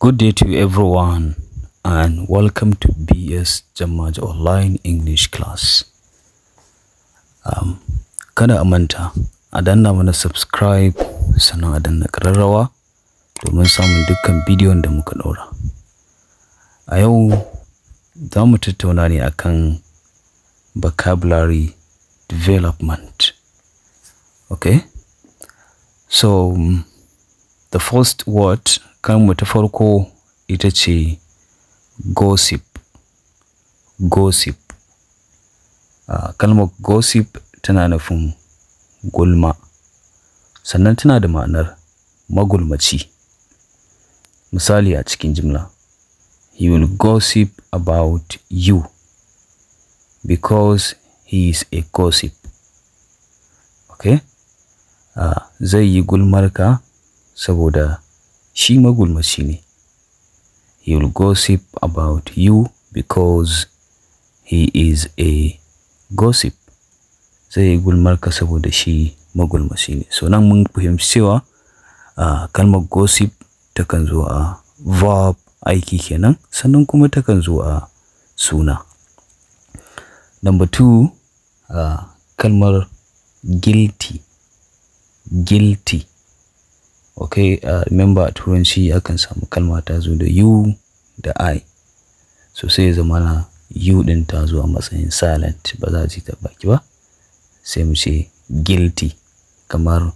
Good day to everyone and welcome to BS Jamaj Online English Class. Um, kada a manta, a danna mana subscribe sannan a danna ƙararrawa domin samun dukkan bidiyon da muka ɗora. A yau za mu tattauna ne akan vocabulary development. Okay? So, um, the first word kanmu ta farko ita ce gossip gossip uh, kalmar gossip tana nufin gulma sannan tana da ma'anar magulmaci misali a cikin jimla he will gossip about you because he is a gossip okay uh, zai yi gulmarka saboda shi magulmaci ne he will gossip about you because he is a gossip zai yi gulmarka saboda shi magulmaci ne so nan mun fahimci cewa kalmar gossip takan zo a verb aiki kenan sannan kuma takan zo a suna number two uh, kalmar guilty guilty ok uh, remember a turanci akan samu kalma ta zo da you da i so sai ya zama na you din ta zo a matsayin silent ba za a ji ta baki ba sai mu ce guilty kamar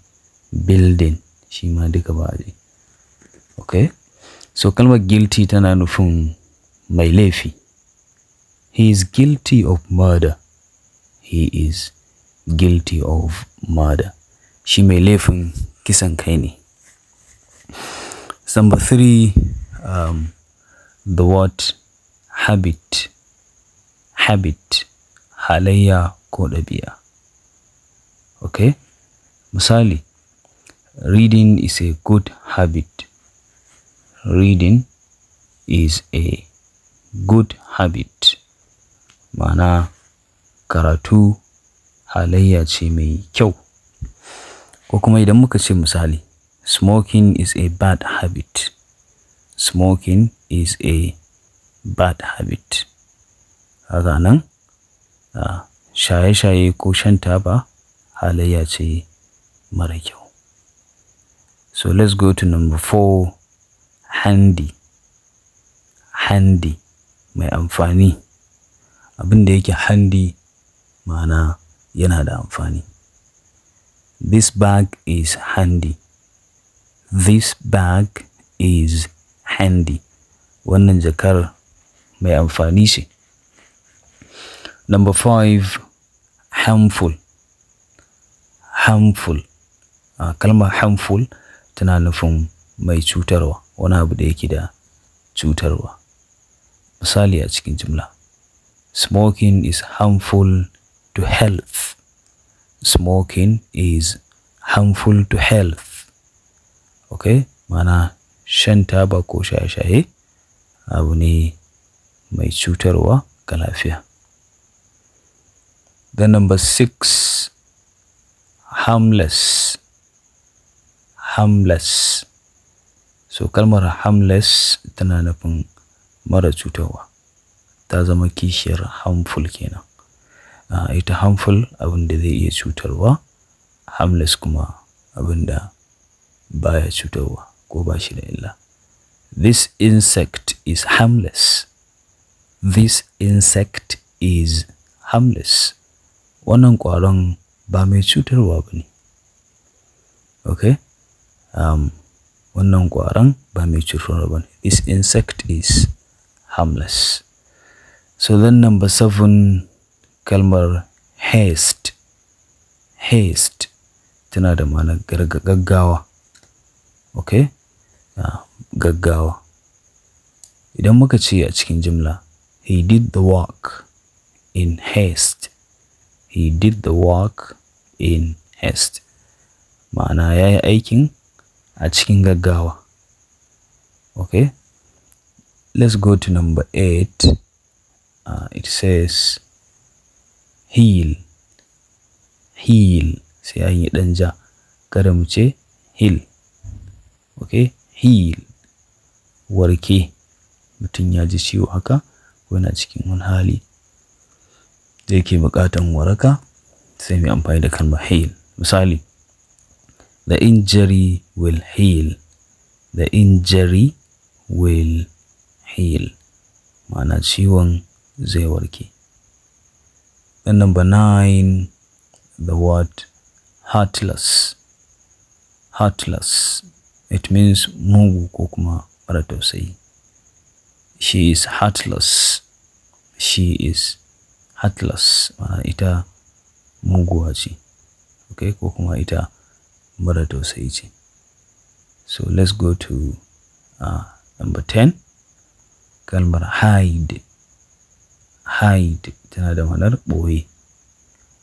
building shi ma duka ba a ji ok so kalmar guilty tana nufin mai laifi he is guilty of murder he is guilty of murder shi mai laifin kisan kai ne Number three, um, the word habit, habit, halayya ko ɗabi'a. Okay? Misali, reading is a good habit. Reading is a good habit. Ma'ana karatu halayya ce mai kyau. Ko kuma idan muka ce misali, Smoking is a bad habit. Smoking is a bad habit. Haka nan, shaye-shaye ko shan taba halayya ce mara kyau. So let's go to number four, handy. Handy, mai amfani. Abin da yake handy mana yana da amfani. This bag is handy. This bag is handy. Wannan jakar mai amfani ce. Number five, harmful. Harmful. Uh, kalmar harmful tana nufin mai cutarwa, wani abu da yake da cutarwa. Misali a cikin jumla. Smoking is harmful to health. Smoking is harmful to health. okay mana shan taba ko shaye-shaye abu ne mai cutarwa ga lafiya Then number six harmless harmless so kalmar harmless tana nufin mara cutarwa ta zama kishiyar harmful kenan ah, ita harmful abin da zai iya cutarwa harmless kuma abin da baya cutarwa ko ba shi da illa this insect is harmless this insect is harmless wannan ƙwaron ba mai cutarwa ba ne okay um, wannan ƙwaron ba mai cutarwa ba ne this insect is harmless so then number seven kalmar haste haste tana da ma'anar gaggawa okay ah, gaggawa idan muka ce a cikin jimla he did the work in haste he did the work in haste ma'ana ya yi aikin a cikin gaggawa okay let's go to number eight uh, it says heal heal sai an yi ɗan ja kada mu ce heal okay heal warke mutum ya ji ciwo haka ko yana cikin wani hali da yake buƙatan waraka sai mai amfani da kalmar heal misali the injury will heal the injury will heal ma'ana ciwon zai warke then number nine the word heartless heartless it means mugu ko kuma mara tausayi she is heartless she is heartless mana ita muguwa ce okay ko kuma ita mara tausayi ce so let's go to uh, number 10 kalmar hide hide tana da ma'anar ɓoye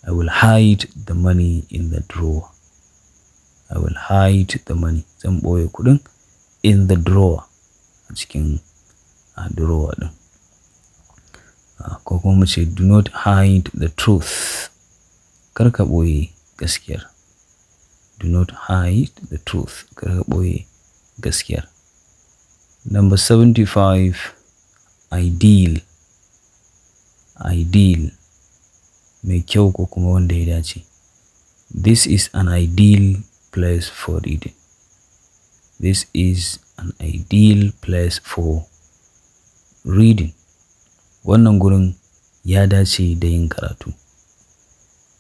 i will hide the money in the drawer I will hide the money zan ɓoye kuɗin in the drawer a cikin a drawer ɗin ko kuma mu ce do not hide the truth kar ka ɓoye gaskiyar do not hide the truth kar ka ɓoye gaskiyar number 75 ideal ideal mai kyau ko kuma wanda ya dace this is an ideal place for reading. This is an ideal place for reading. Wannan gurin ya dace da yin karatu.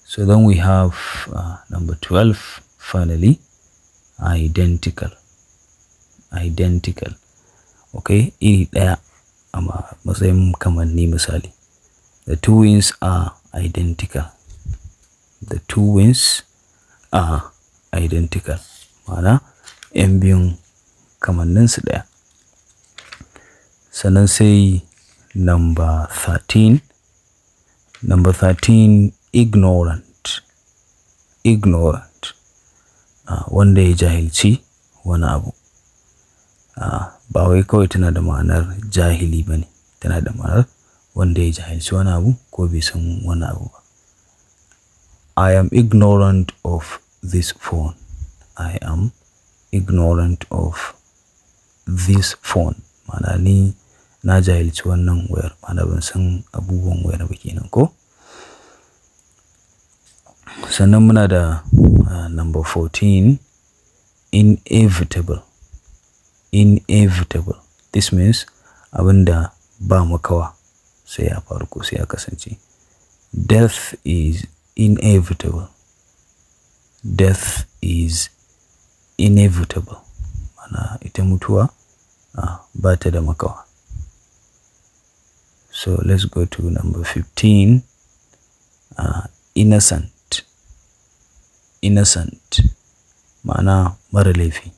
So then we have uh, number 12 finally identical. Identical. Okay, iri ɗaya a matsayin kamanni misali. The two wings are identical. The two wings are identical ma'ana yan biyun kamanninsu ɗaya sannan sai number 13 number 13 ignorant ignorant uh, wanda ya jahilci wani abu uh, ba wai kawai tana da ma'anar jahili ba ne tana da ma'anar wanda ya jahilci wani abu ko bai san wani abu ba i am ignorant of this phone. I am ignorant of this phone. Mana ni na jahilci wannan wayar. Mana ban san abubuwan wayar ba kenan ko? Sannan muna da uh, number 14 inevitable. Inevitable. This means abin da ba makawa sai ya faru ko sai ya kasance. Death is inevitable. death is inevitable mana ita mutuwa uh, ah, ba ta da makawa so let's go to number 15 uh, ah, innocent innocent ma'ana mara laifi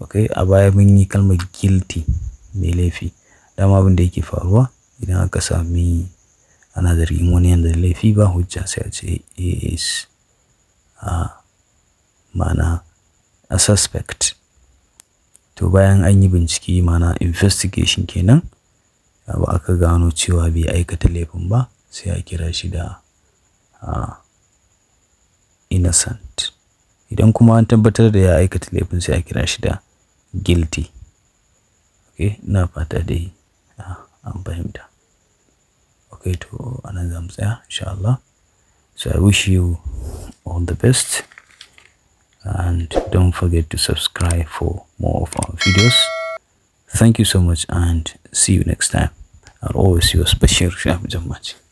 okay a baya mun yi kalmar guilty mai laifi dama abin da yake faruwa idan aka sami ana zargin wani yanda laifi ba hujja sai a ce is a ah, mana a suspect to bayan an yi bincike mana investigation kenan ba aka gano cewa bai aikata laifin ba sai a kira shi da ah, innocent idan kuma an tabbatar da ya aikata laifin sai a kira shi da guilty okay na fata dai ah, an fahimta okay to anan zamu tsaya insha Allah so i wish you all the best and don't forget to subscribe for more of our videos thank you so much and see you next time i'll always your special Shah Muhammad